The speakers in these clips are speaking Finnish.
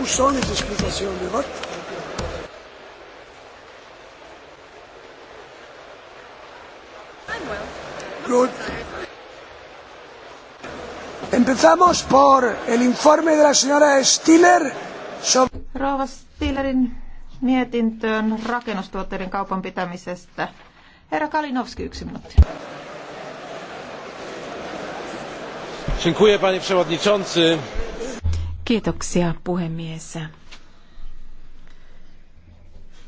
Où sont les explications de vote Good. Empezamos por el informe de la señora Stiller sobre... Rova Stillerin mietintöön rakennustuotteiden kaupan pitämisestä. Herra Kalinowski, yksi minuutti. Dziękuję, panie przewodniczący. Kiitoksia puhemies.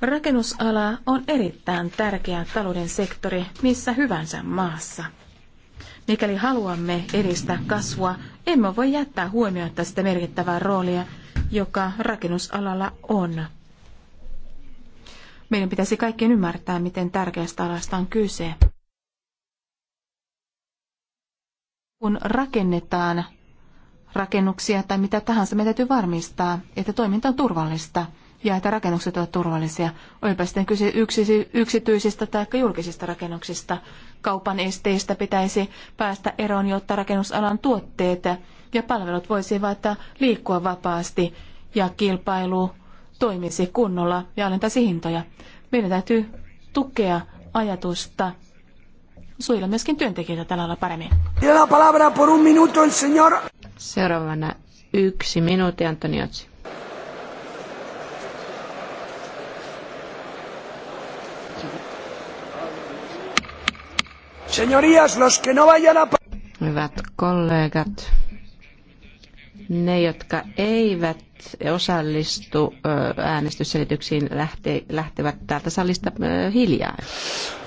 Rakennusala on erittäin tärkeä talouden sektori missä hyvänsä maassa. Mikäli haluamme edistää kasvua, emme voi jättää huomiotta sitä merkittävää roolia, joka rakennusalalla on. Meidän pitäisi kaikkien ymmärtää, miten tärkeästä alasta on kyse. Kun rakennetaan rakennuksia tai mitä tahansa, meidän täytyy varmistaa, että toiminta on turvallista ja että rakennukset ovat turvallisia. Olipa sitten kyse yksityisistä tai julkisista rakennuksista. Kaupan esteistä pitäisi päästä eroon, jotta rakennusalan tuotteet ja palvelut voisivat liikkua vapaasti ja kilpailu toimisi kunnolla ja alentaisi hintoja. Meidän täytyy tukea ajatusta suojella myöskin työntekijöitä tällä alalla paremmin. Seuraavana yksi minuutti, Antoniotsi. Señorías, los que no vayan a... Hyvät kollegat, ne, jotka eivät osallistu äänestysselityksiin, lähtevät täältä salista hiljaa.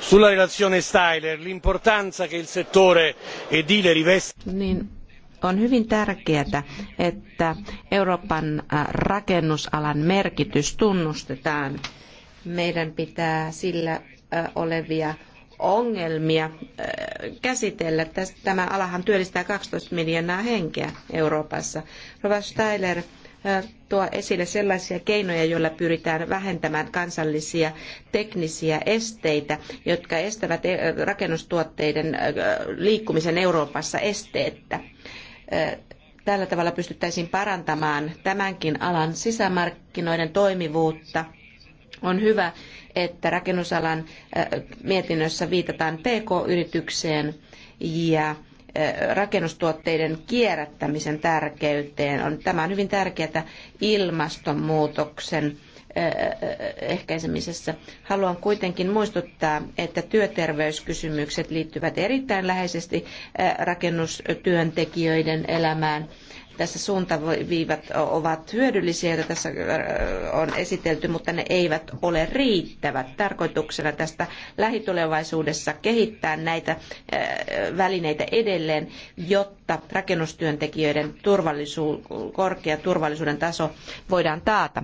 Sulla relazione l'importanza che il settore edile riveste... Niin, on hyvin tärkeää, että Euroopan rakennusalan merkitys tunnustetaan. Meidän pitää sillä olevia ongelmia käsitellä. Tämä alahan työllistää 12 miljoonaa henkeä Euroopassa. Rova Steiler tuo esille sellaisia keinoja, joilla pyritään vähentämään kansallisia teknisiä esteitä, jotka estävät rakennustuotteiden liikkumisen Euroopassa esteettä Tällä tavalla pystyttäisiin parantamaan tämänkin alan sisämarkkinoiden toimivuutta. On hyvä, että rakennusalan mietinnössä viitataan PK-yritykseen ja rakennustuotteiden kierrättämisen tärkeyteen. On, tämä on hyvin tärkeää ilmastonmuutoksen ehkäisemisessä. Haluan kuitenkin muistuttaa, että työterveyskysymykset liittyvät erittäin läheisesti rakennustyöntekijöiden elämään tässä suuntaviivat ovat hyödyllisiä, joita tässä on esitelty, mutta ne eivät ole riittävät. Tarkoituksena tästä lähitulevaisuudessa kehittää näitä välineitä edelleen, jotta rakennustyöntekijöiden turvallisuus, korkea turvallisuuden taso voidaan taata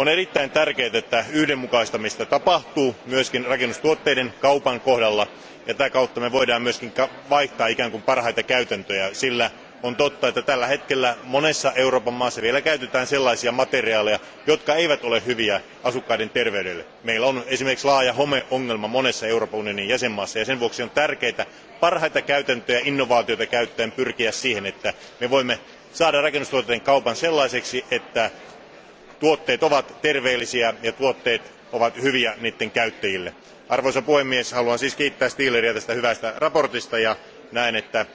on erittäin tärkeää että yhdenmukaistamista tapahtuu myös rakennustuotteiden kaupan kohdalla ja tätä kautta me voimme myös vaihtaa ikään kuin parhaita käytäntöjä sillä on totta että tällä hetkellä monessa euroopan maassa vielä käytetään sellaisia materiaaleja jotka eivät ole hyviä asukkaiden terveydelle. meillä on esimerkiksi laaja homeongelma monessa euroopan unionin jäsenmaassa ja sen vuoksi on tärkeää parhaita käytäntöjä ja innovaatioita käyttäen pyrkiä siihen että me voimme saada rakennustuotteiden kaupan sellaiseksi että tuotteet ovat terveellisiä ja tuotteet ovat hyviä niiden käyttäjille. arvoisa puhemies haluan siis kiittää stihleriä tästä hyvästä mietinnöstä ja näen että,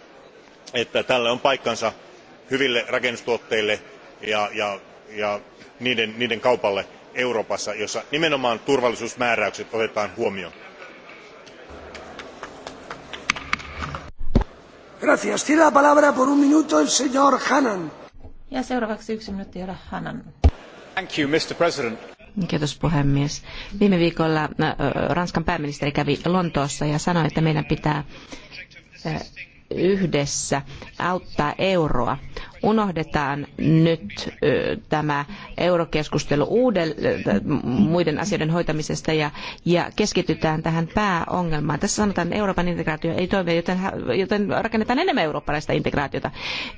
että tälle on paikkansa hyville rakennustuotteille ja, ja, niiden, niiden kaupalle euroopassa jossa nimenomaan turvallisuusmääräykset otetaan huomioon. seuraavaksi yksi minuutti Mr. Kiitos puhemies. Viime viikolla äh, Ranskan pääministeri kävi Lontoossa ja sanoi, että meidän pitää äh, yhdessä auttaa euroa unohdetaan nyt tämä eurokeskustelu muiden asioiden hoitamisesta ja, ja keskitytään tähän pääongelmaan. Tässä sanotaan, että Euroopan integraatio ei toimi, joten, joten rakennetaan enemmän eurooppalaista integraatiota.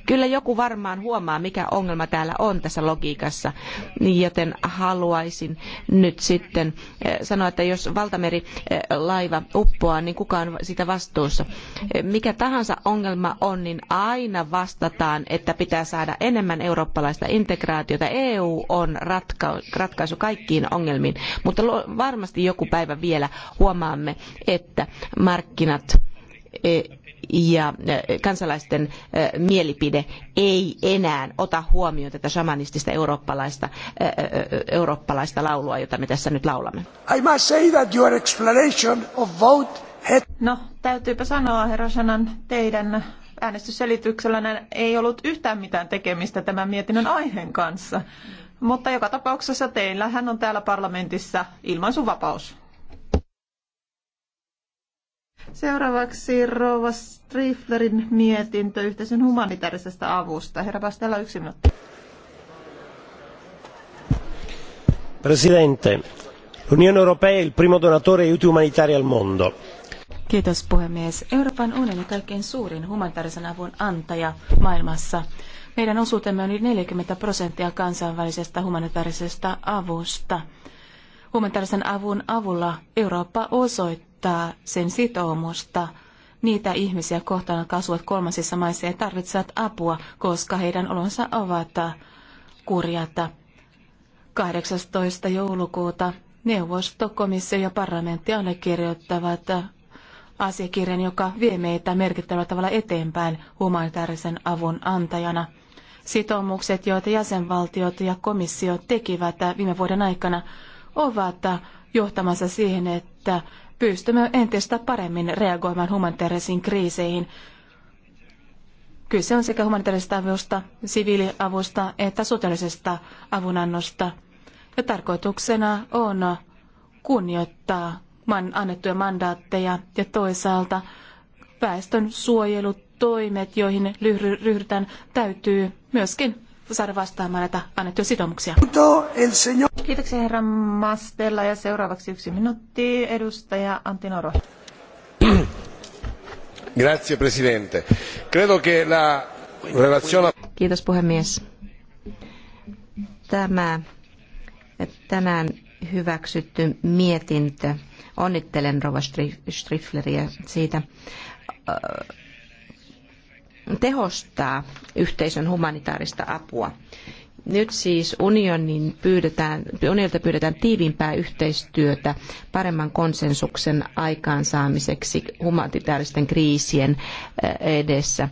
Kyllä joku varmaan huomaa, mikä ongelma täällä on tässä logiikassa, joten haluaisin nyt sitten sanoa, että jos valtamerilaiva uppoaa, niin kuka on sitä vastuussa? Mikä tahansa ongelma on, niin aina vastataan, että pitää pitää saada enemmän eurooppalaista integraatiota. EU on ratkaisu kaikkiin ongelmiin, mutta varmasti joku päivä vielä huomaamme, että markkinat e, ja e, kansalaisten e, mielipide ei enää ota huomioon tätä shamanistista eurooppalaista, eurooppalaista laulua, jota me tässä nyt laulamme. I must say that your explanation of vote had... No, täytyypä sanoa, herra Shannon, teidän äänestysselityksellä ei ollut yhtään mitään tekemistä tämän mietinnön aiheen kanssa. Mutta joka tapauksessa teillähän on täällä parlamentissa ilmaisuvapaus. Seuraavaksi Rova Striflerin mietintö yhteisen humanitaarisesta avusta. Herra Pastella, yksi minuutti. Presidente, l'Unione Europea è il primo donatore aiuti umanitari al mondo Kiitos puhemies. Euroopan unioni on kaikkein suurin humanitaarisen avun antaja maailmassa. Meidän osuutemme on yli 40 prosenttia kansainvälisestä humanitaarisesta avusta. Humanitaarisen avun avulla Eurooppa osoittaa sen sitoumusta niitä ihmisiä kohtaan, jotka asuvat kolmansissa maissa ja tarvitsevat apua, koska heidän olonsa ovat kurjata. 18. joulukuuta neuvosto, komissio ja parlamentti allekirjoittavat asiakirjan, joka vie meitä merkittävällä tavalla eteenpäin humanitaarisen avun antajana. Sitoumukset, joita jäsenvaltiot ja komissio tekivät viime vuoden aikana, ovat johtamassa siihen, että pystymme entistä paremmin reagoimaan humanitaarisiin kriiseihin. Kyse on sekä humanitaarisesta avusta, siviiliavusta että sotilaisesta avunannosta. Ja tarkoituksena on kunnioittaa man, annettuja mandaatteja ja toisaalta väestön suojelutoimet, joihin ryhdytään, täytyy myöskin saada vastaamaan näitä annettuja sitoumuksia. Kiitoksia herra Mastella ja seuraavaksi yksi minuutti edustaja Antti Noro. Grazie presidente. Credo che la relazione... Kiitos puhemies. Tämä tänään hyväksytty mietintö. Onnittelen Rova Striffleriä siitä tehostaa yhteisön humanitaarista apua. Nyt siis unionin pyydetään, unionilta pyydetään tiivimpää yhteistyötä paremman konsensuksen aikaansaamiseksi humanitaaristen kriisien edessä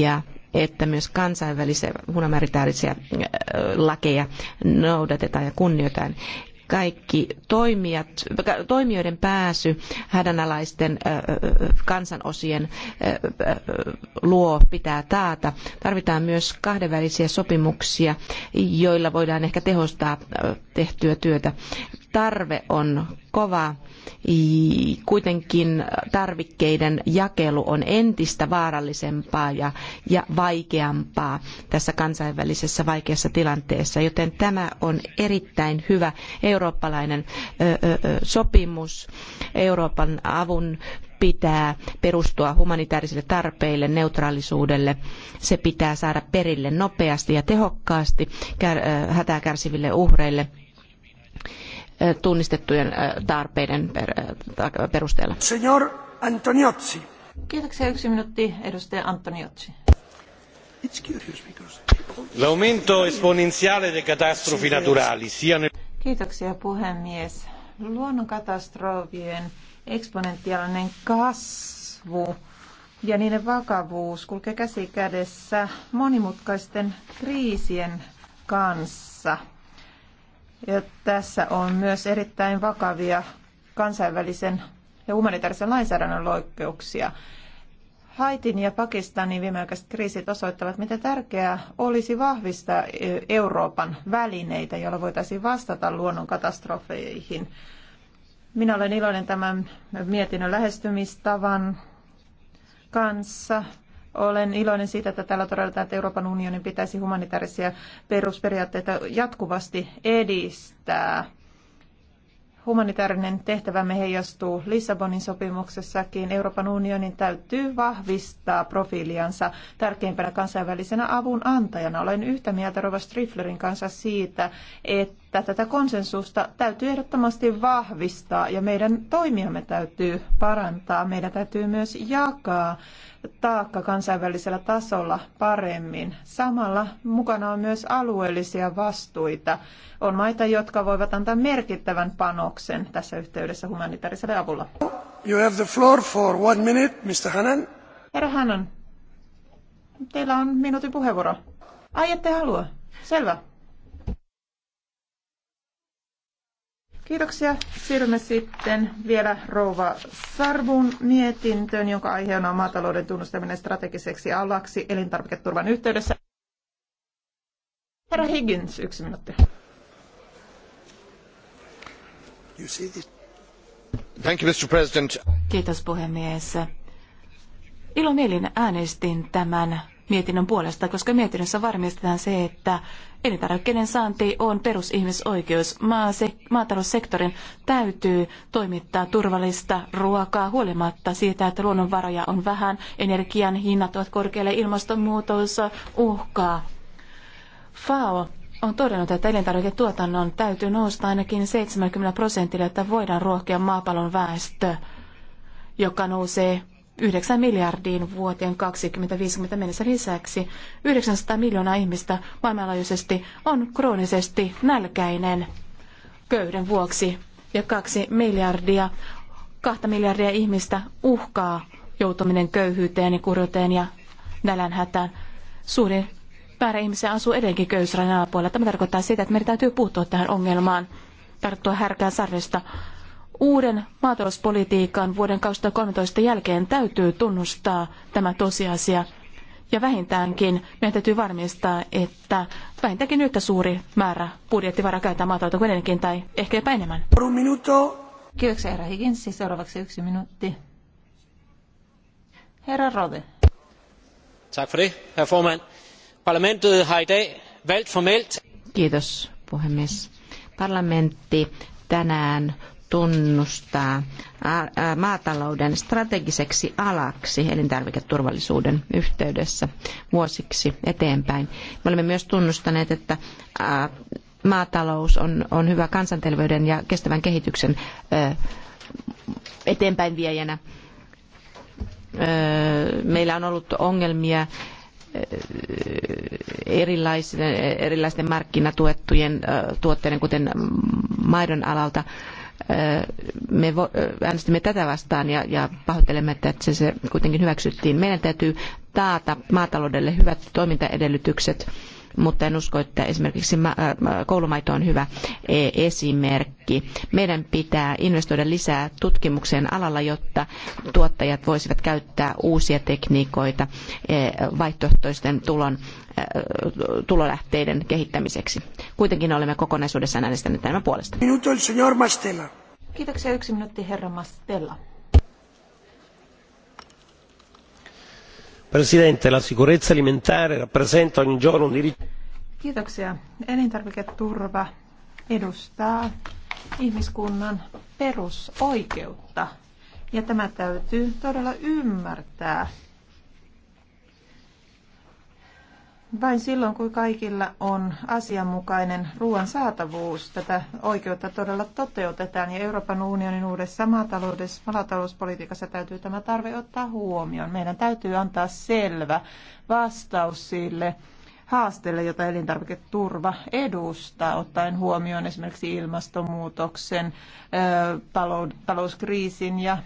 ja että myös kansainvälisiä humanitaarisia lakeja noudatetaan ja kunnioitetaan kaikki toimijat, toimijoiden pääsy hädänalaisten kansanosien luo pitää taata. Tarvitaan myös kahdenvälisiä sopimuksia, joilla voidaan ehkä tehostaa tehtyä työtä. Tarve on kova. Kuitenkin tarvikkeiden jakelu on entistä vaarallisempaa ja, ja vaikeampaa tässä kansainvälisessä vaikeassa tilanteessa, joten tämä on erittäin hyvä eurooppalainen sopimus. Euroopan avun pitää perustua humanitaarisille tarpeille, neutraalisuudelle. Se pitää saada perille nopeasti ja tehokkaasti hätää kärsiville uhreille tunnistettujen tarpeiden perusteella. Signor Antoniozzi. Kiitoksia. Yksi minuutti, edustaja Antoniozzi. L'aumento esponenziale delle catastrofi naturali siano... Kiitoksia puhemies. Luonnonkatastrofien eksponentiaalinen kasvu ja niiden vakavuus kulkee käsi kädessä monimutkaisten kriisien kanssa. Ja tässä on myös erittäin vakavia kansainvälisen ja humanitaarisen lainsäädännön loikkeuksia. Haitin ja Pakistanin viimeaikaiset kriisit osoittavat, miten tärkeää olisi vahvistaa Euroopan välineitä, joilla voitaisiin vastata katastrofeihin. Minä olen iloinen tämän mietinnön lähestymistavan kanssa. Olen iloinen siitä, että täällä todetaan, että Euroopan unionin pitäisi humanitaarisia perusperiaatteita jatkuvasti edistää. Humanitaarinen tehtävämme heijastuu Lissabonin sopimuksessakin. Euroopan unionin täytyy vahvistaa profiiliansa tärkeimpänä kansainvälisenä avun antajana. Olen yhtä mieltä Rova Striflerin kanssa siitä, että että tätä konsensusta täytyy ehdottomasti vahvistaa ja meidän toimiamme täytyy parantaa. Meidän täytyy myös jakaa taakka kansainvälisellä tasolla paremmin. Samalla mukana on myös alueellisia vastuita. On maita, jotka voivat antaa merkittävän panoksen tässä yhteydessä humanitaariselle avulla. You have the floor for one minute, Mr. Hannan. Herra Hannan, teillä on minuutin puheenvuoro. Ai ette halua. Selvä. Kiitoksia. Siirrymme sitten vielä rouva Sarvun mietintöön, jonka aiheena on maatalouden tunnustaminen strategiseksi alaksi elintarviketurvan yhteydessä. Herra Higgins, yksi minuutti. You see this? Thank you, Mr. President. Kiitos puhemies. Ilomielin äänestin tämän mietinnön puolesta, koska mietinnössä varmistetaan se, että elintarvikkeiden saanti on perusihmisoikeus. maataloussektorin täytyy toimittaa turvallista ruokaa huolimatta siitä, että luonnonvaroja on vähän, energian hinnat ovat korkealle, ilmastonmuutos uhkaa. FAO on todennut, että elintarviketuotannon täytyy nousta ainakin 70 prosentilla, että voidaan ruokkia maapallon väestö, joka nousee 9 miljardiin vuoteen 2050 mennessä lisäksi 900 miljoonaa ihmistä maailmanlaajuisesti on kroonisesti nälkäinen köyden vuoksi ja 2 miljardia, 2 miljardia ihmistä uhkaa joutuminen köyhyyteen ja kurjuuteen ja nälänhätään. Suurin määrä ihmisiä asuu edelleenkin köyhyysrajan alapuolella. Tämä tarkoittaa sitä, että meidän täytyy puuttua tähän ongelmaan, tarttua härkää sarvesta Uuden maatalouspolitiikan vuoden 2013 jälkeen täytyy tunnustaa tämä tosiasia. Ja vähintäänkin meidän täytyy varmistaa, että vähintäänkin yhtä suuri määrä budjettivara käytetään maataloutta kuin ennenkin tai ehkä jopa enemmän. Kiitoksia herra Higgins. Siis seuraavaksi yksi minuutti. Herra Rode. Tak for det, herr formand. Parlamentet har i dag valgt formelt. Kiitos, puhemies. Parlamentti tänään tunnustaa maatalouden strategiseksi alaksi elintarviketurvallisuuden yhteydessä vuosiksi eteenpäin. Me olemme myös tunnustaneet, että maatalous on, on hyvä kansanterveyden ja kestävän kehityksen eteenpäin viejänä. Meillä on ollut ongelmia erilaisten, erilaisten markkinatuettujen tuotteiden, kuten maidon alalta, me äänestimme tätä vastaan ja, ja pahoittelemme, että se, se kuitenkin hyväksyttiin. Meidän täytyy taata maataloudelle hyvät toimintaedellytykset mutta en usko, että esimerkiksi äh, koulumaito on hyvä e, esimerkki. Meidän pitää investoida lisää tutkimukseen alalla, jotta tuottajat voisivat käyttää uusia tekniikoita e, vaihtoehtoisten tulon äh, tulolähteiden kehittämiseksi. Kuitenkin olemme kokonaisuudessaan äänestäneet tämän puolesta. Kiitoksia. Yksi minuutti, herra Mastella. Presidente, la sicurezza alimentare rappresenta ogni giorno un diritto. Kiitoksia. Elintarviketurva edustaa ihmiskunnan perusoikeutta. Ja tämä täytyy todella ymmärtää. Vain silloin, kun kaikilla on asianmukainen ruoan saatavuus, tätä oikeutta todella toteutetaan ja Euroopan unionin uudessa maatalous, maatalouspolitiikassa täytyy tämä tarve ottaa huomioon. Meidän täytyy antaa selvä vastaus sille haasteelle, jota elintarviketurva edustaa, ottaen huomioon esimerkiksi ilmastonmuutoksen, talouskriisin ja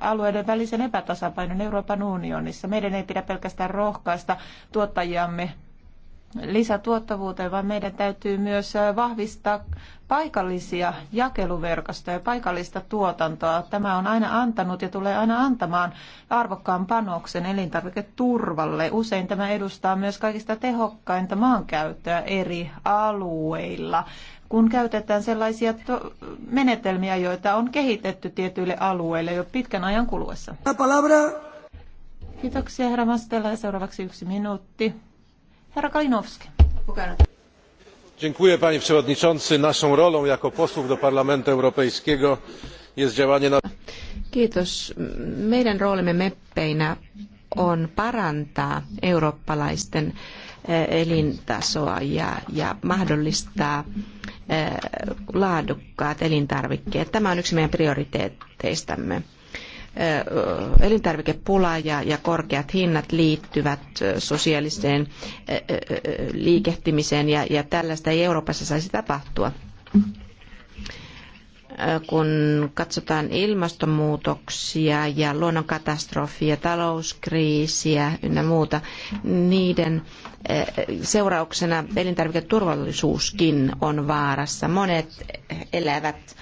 alueiden välisen epätasapainon Euroopan unionissa. Meidän ei pidä pelkästään rohkaista tuottajiamme lisätuottavuuteen, vaan meidän täytyy myös vahvistaa paikallisia jakeluverkostoja, paikallista tuotantoa. Tämä on aina antanut ja tulee aina antamaan arvokkaan panoksen elintarviketurvalle. Usein tämä edustaa myös kaikista tehokkainta maankäyttöä eri alueilla kun käytetään sellaisia menetelmiä, joita on kehitetty tietyille alueille jo pitkän ajan kuluessa. Kiitoksia, herra Mastella. Ja seuraavaksi yksi minuutti. Herra Kalinowski. Dziękuję, panie przewodniczący. Naszą rolą jako posłów do Parlamentu Europejskiego jest działanie na... Kiitos. Meidän roolimme meppeinä on parantaa eurooppalaisten Eh, elintasoa ja, ja mahdollistaa eh, laadukkaat elintarvikkeet. Tämä on yksi meidän prioriteetteistamme eh, elintarvikepula ja, korkeat hinnat liittyvät sosiaaliseen liikehtimiseen ja, tällaista ei Euroopassa saisi tapahtua kun katsotaan ilmastonmuutoksia ja luonnonkatastrofia, talouskriisiä ynnä muuta, niiden seurauksena elintarviketurvallisuuskin on vaarassa. Monet elävät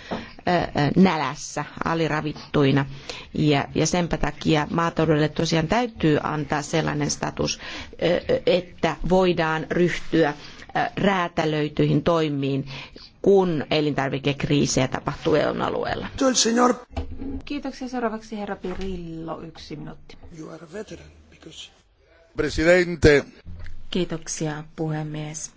nälässä aliravittuina ja, ja senpä takia maataloudelle tosiaan täytyy antaa sellainen status, että voidaan ryhtyä räätälöityihin toimiin kun elintarvikekriisejä tapahtuu EUn alueella. Kiitoksia. Seuraavaksi herra Pirillo, yksi minuutti. Presidente. Kiitoksia, puhemies.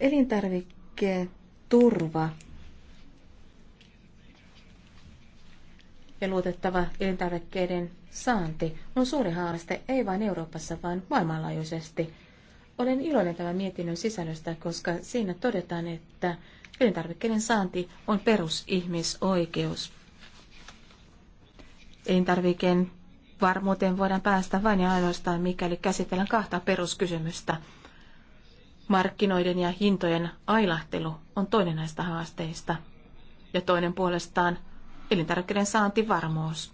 Elintarvikkeet turva ja luotettava elintarvikkeiden saanti on suuri haaste ei vain Euroopassa, vaan maailmanlaajuisesti. Olen iloinen tämän mietinnön sisällöstä, koska siinä todetaan, että elintarvikkeiden saanti on perusihmisoikeus. Elintarvikkeen varmuuteen voidaan päästä vain ja ainoastaan, mikäli käsitellään kahta peruskysymystä. Markkinoiden ja hintojen ailahtelu on toinen näistä haasteista, ja toinen puolestaan elintarvikkeiden saantivarmuus.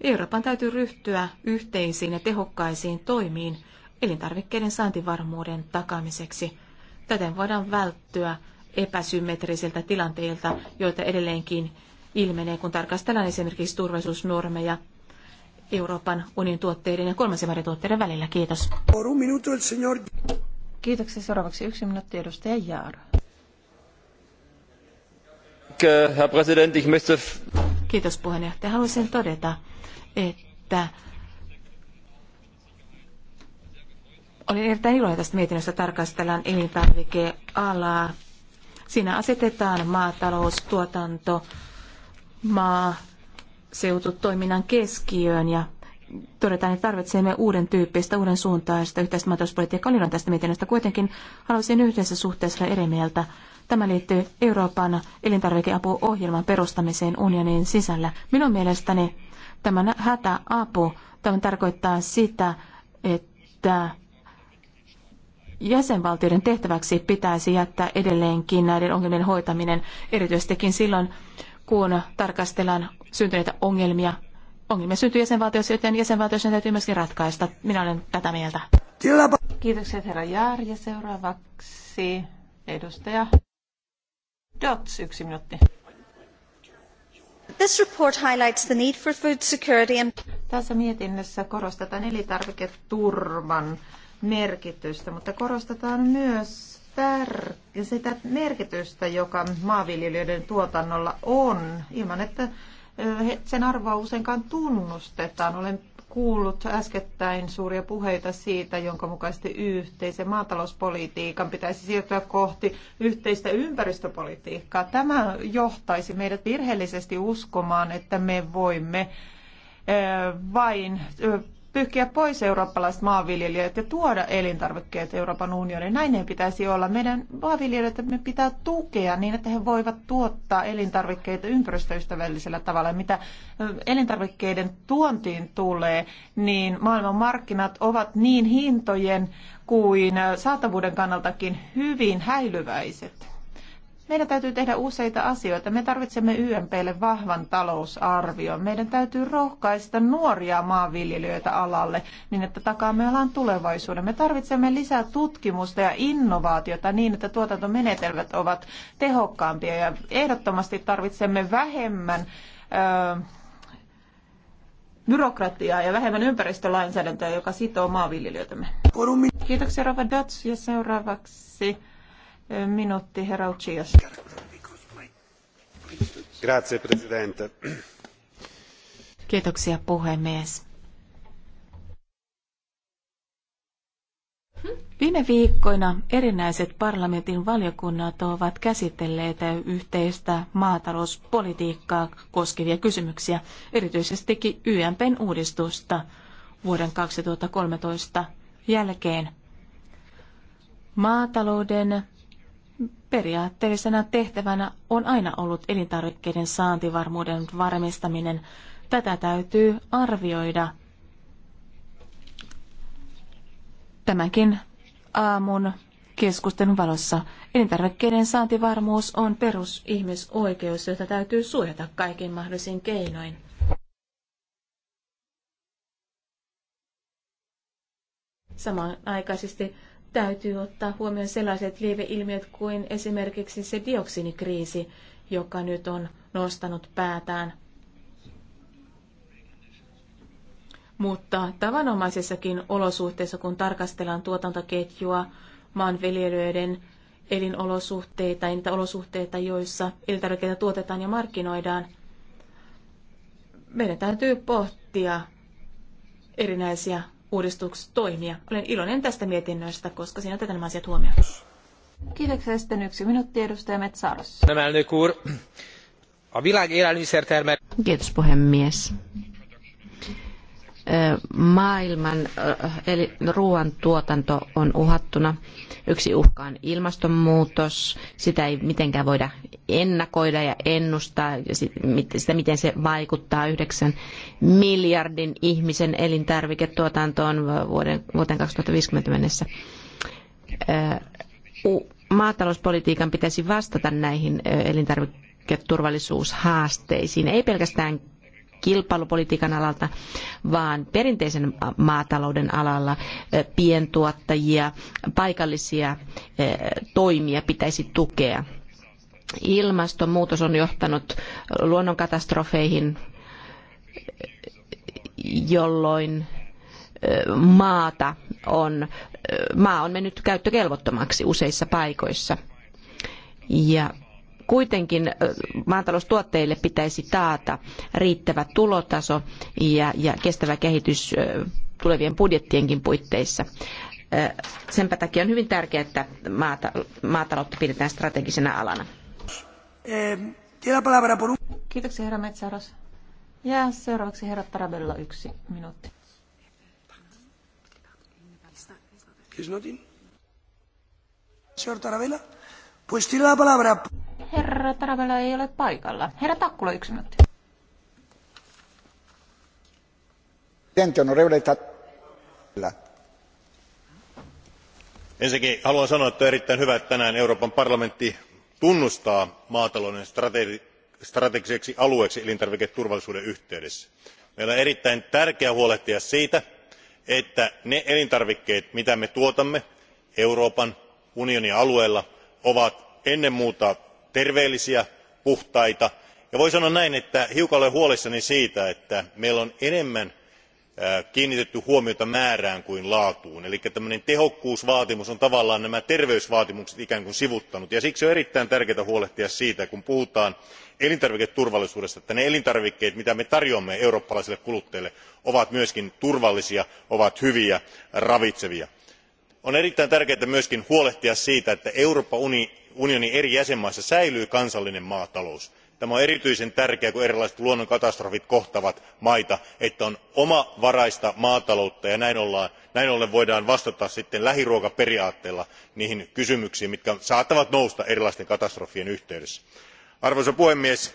Euroopan täytyy ryhtyä yhteisiin ja tehokkaisiin toimiin elintarvikkeiden saantivarmuuden takaamiseksi. Täten voidaan välttyä epäsymmetrisiltä tilanteilta, joita edelleenkin ilmenee, kun tarkastellaan esimerkiksi turvallisuusnormeja Euroopan unionin tuotteiden ja kolmansien maiden tuotteiden välillä. Kiitos. Kiitoksia. Seuraavaksi yksi minuutti edustaja Jaara. Herr Präsident, ich möchte Kiitos puheenjohtaja. Haluaisin todeta, että olin erittäin iloinen tästä mietinnöstä tarkastellaan elintarvikealaa. Siinä asetetaan maataloustuotanto, maa, seututoiminnan keskiöön ja todetaan, että tarvitsemme uuden tyyppistä, uuden suuntaista yhteistä maatalouspolitiikkaa. Olin tästä mietinnöstä kuitenkin haluaisin yhdessä suhteessa olla eri mieltä. Tämä liittyy Euroopan elintarvikeapuohjelman perustamiseen unionin sisällä. Minun mielestäni tämä hätäapu tämä tarkoittaa sitä, että jäsenvaltioiden tehtäväksi pitäisi jättää edelleenkin näiden ongelmien hoitaminen, erityisestikin silloin, kun tarkastellaan syntyneitä ongelmia. Ongelmia syntyy jäsenvaltioissa, joten jäsenvaltioissa täytyy myöskin ratkaista. Minä olen tätä mieltä. Kiitokset herra Jaar ja seuraavaksi edustaja yksi minuutti. This report highlights the need for food security and... Tässä mietinnössä korostetaan elintarviketurvan merkitystä, mutta korostetaan myös tär- sitä merkitystä, joka maanviljelijöiden tuotannolla on, ilman että sen arvoa useinkaan tunnustetaan. Olen kuullut äskettäin suuria puheita siitä, jonka mukaisesti yhteisen maatalouspolitiikan pitäisi siirtyä kohti yhteistä ympäristöpolitiikkaa. Tämä johtaisi meidät virheellisesti uskomaan, että me voimme eh, vain eh, pyyhkiä pois eurooppalaiset maanviljelijät ja tuoda elintarvikkeet Euroopan unioniin. Näin ei pitäisi olla. Meidän me pitää tukea niin, että he voivat tuottaa elintarvikkeita ympäristöystävällisellä tavalla. Mitä elintarvikkeiden tuontiin tulee, niin maailman markkinat ovat niin hintojen kuin saatavuuden kannaltakin hyvin häilyväiset. Meidän täytyy tehdä useita asioita. Me tarvitsemme YMPlle vahvan talousarvion. Meidän täytyy rohkaista nuoria maanviljelijöitä alalle niin, että takaamme alan tulevaisuuden. Me tarvitsemme lisää tutkimusta ja innovaatiota niin, että tuotantomenetelmät ovat tehokkaampia ja ehdottomasti tarvitsemme vähemmän ö, byrokratiaa ja vähemmän ympäristölainsäädäntöä, joka sitoo maanviljelijöitämme. Kiitoksia Rova Dutch ja seuraavaksi Minuutti, herra Uchias. Grazie, presidente. Kiitoksia, puhemies. Viime viikkoina erinäiset parlamentin valiokunnat ovat käsitelleet yhteistä maatalouspolitiikkaa koskevia kysymyksiä, erityisesti YMPn uudistusta vuoden 2013 jälkeen. Maatalouden Periaatteellisena tehtävänä on aina ollut elintarvikkeiden saantivarmuuden varmistaminen. Tätä täytyy arvioida tämänkin aamun keskustelun valossa. Elintarvikkeiden saantivarmuus on perusihmisoikeus, jota täytyy suojata kaikin mahdollisin keinoin. Samanaikaisesti täytyy ottaa huomioon sellaiset lieveilmiöt kuin esimerkiksi se dioksinikriisi, joka nyt on nostanut päätään. Mutta tavanomaisessakin olosuhteessa, kun tarkastellaan tuotantoketjua, maanviljelijöiden elinolosuhteita ja niitä olosuhteita, joissa elintarvikkeita tuotetaan ja markkinoidaan, meidän täytyy pohtia erinäisiä uudistuksi toimia. Olen iloinen tästä mietinnöstä, koska siinä otetaan nämä asiat huomioon. Kiitoksia sitten yksi minuutti edustaja Metsaros. Kiitos puhemies maailman eli ruoantuotanto on uhattuna. Yksi uhka on ilmastonmuutos. Sitä ei mitenkään voida ennakoida ja ennustaa sitä, miten se vaikuttaa yhdeksän miljardin ihmisen elintarviketuotantoon vuoden, vuoteen 2050 mennessä. Maatalouspolitiikan pitäisi vastata näihin elintarviketurvallisuushaasteisiin, ei pelkästään kilpailupolitiikan alalta, vaan perinteisen maatalouden alalla pientuottajia, paikallisia toimia pitäisi tukea. Ilmastonmuutos on johtanut luonnonkatastrofeihin, jolloin maata on, maa on mennyt käyttökelvottomaksi useissa paikoissa. Ja kuitenkin maataloustuotteille pitäisi taata riittävä tulotaso ja, kestävä kehitys tulevien budjettienkin puitteissa. Senpä takia on hyvin tärkeää, että maataloutta pidetään strategisena alana. Kiitoksia herra Metsäros. Ja seuraavaksi herra Tarabella yksi minuutti. He's not Señor Tarabella? Pues la palabra. Herra Taravella ei ole paikalla. Herra Takkula, yksi minuutti. Presidente, onorevole Takkula. Ensinnäkin haluan sanoa, että on erittäin hyvä, että tänään Euroopan parlamentti tunnustaa maatalouden strategi- strategiseksi alueeksi elintarviketurvallisuuden yhteydessä. meidän on erittäin tärkeää huolehtia siitä että ne elintarvikkeet joita me tuotamme euroopan unionin alueella ovat ennen muuta terveellisiä puhtaita ja voi sanoa näin että hiukan olen huolissani siitä että meillä on enemmän kiinnitetty huomiota määrään kuin laatuun eli tällainen tehokkuusvaatimus on tavallaan nämä terveysvaatimukset ikään kuin sivuuttanut ja siksi on erittäin tärkeää huolehtia siitä kun puhutaan elintarviketurvallisuudesta että ne elintarvikkeet mitä me tarjoamme eurooppalaisille kuluttajille ovat myös turvallisia ovat hyviä ravitsevia on erittäin tärkeää myös huolehtia siitä että euroopan unionin eri jäsenvaltioissa säilyy kansallinen maatalous. tämä on erityisen tärkeää kun erilaiset luonnonkatastrofit kohtaavat maita että on omavaraista maataloutta ja näin ollen voidaan vastata sitten lähiruokaperiaatteella niihin kysymyksiin jotka saattavat nousta erilaisten katastrofien yhteydessä. arvoisa puhemies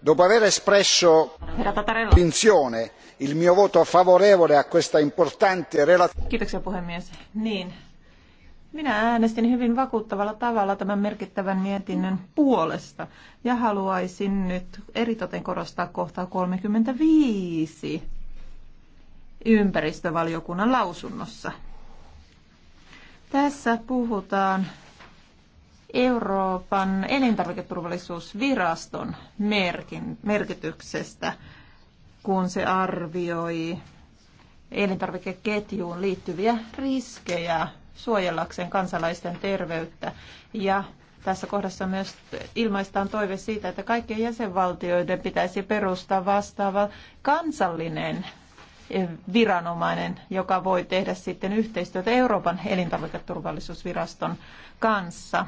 Dopo aver espresso convinzione il mio voto favorevole a questa importante relazione. Niin. minä äänestin hyvin vakuuttavalla tavalla tämän merkittävän mietinnön puolesta ja haluaisin nyt eritoten korostaa kohtaa 35 ympäristövaliokunnan lausunnossa. Tässä puhutaan Euroopan elintarviketurvallisuusviraston merkin, merkityksestä, kun se arvioi elintarvikeketjuun liittyviä riskejä suojellakseen kansalaisten terveyttä. Ja tässä kohdassa myös ilmaistaan toive siitä, että kaikkien jäsenvaltioiden pitäisi perustaa vastaava kansallinen viranomainen, joka voi tehdä sitten yhteistyötä Euroopan elintarviketurvallisuusviraston kanssa.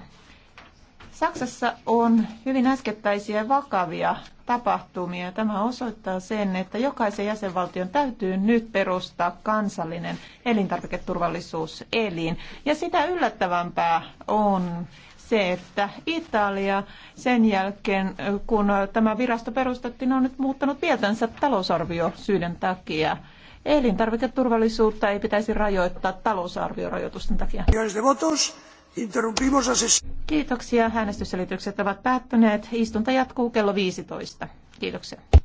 Saksassa on hyvin äskettäisiä vakavia tapahtumia. Tämä osoittaa sen, että jokaisen jäsenvaltion täytyy nyt perustaa kansallinen elintarviketurvallisuuselin. Ja sitä yllättävämpää on se, että Italia sen jälkeen, kun tämä virasto perustettiin, on nyt muuttanut mieltänsä talousarvio syyden takia. Elintarviketurvallisuutta ei pitäisi rajoittaa talousarviorajoitusten takia. Kiitoksia. Äänestysselitykset ovat päättyneet. Istunta jatkuu kello 15. Kiitoksia.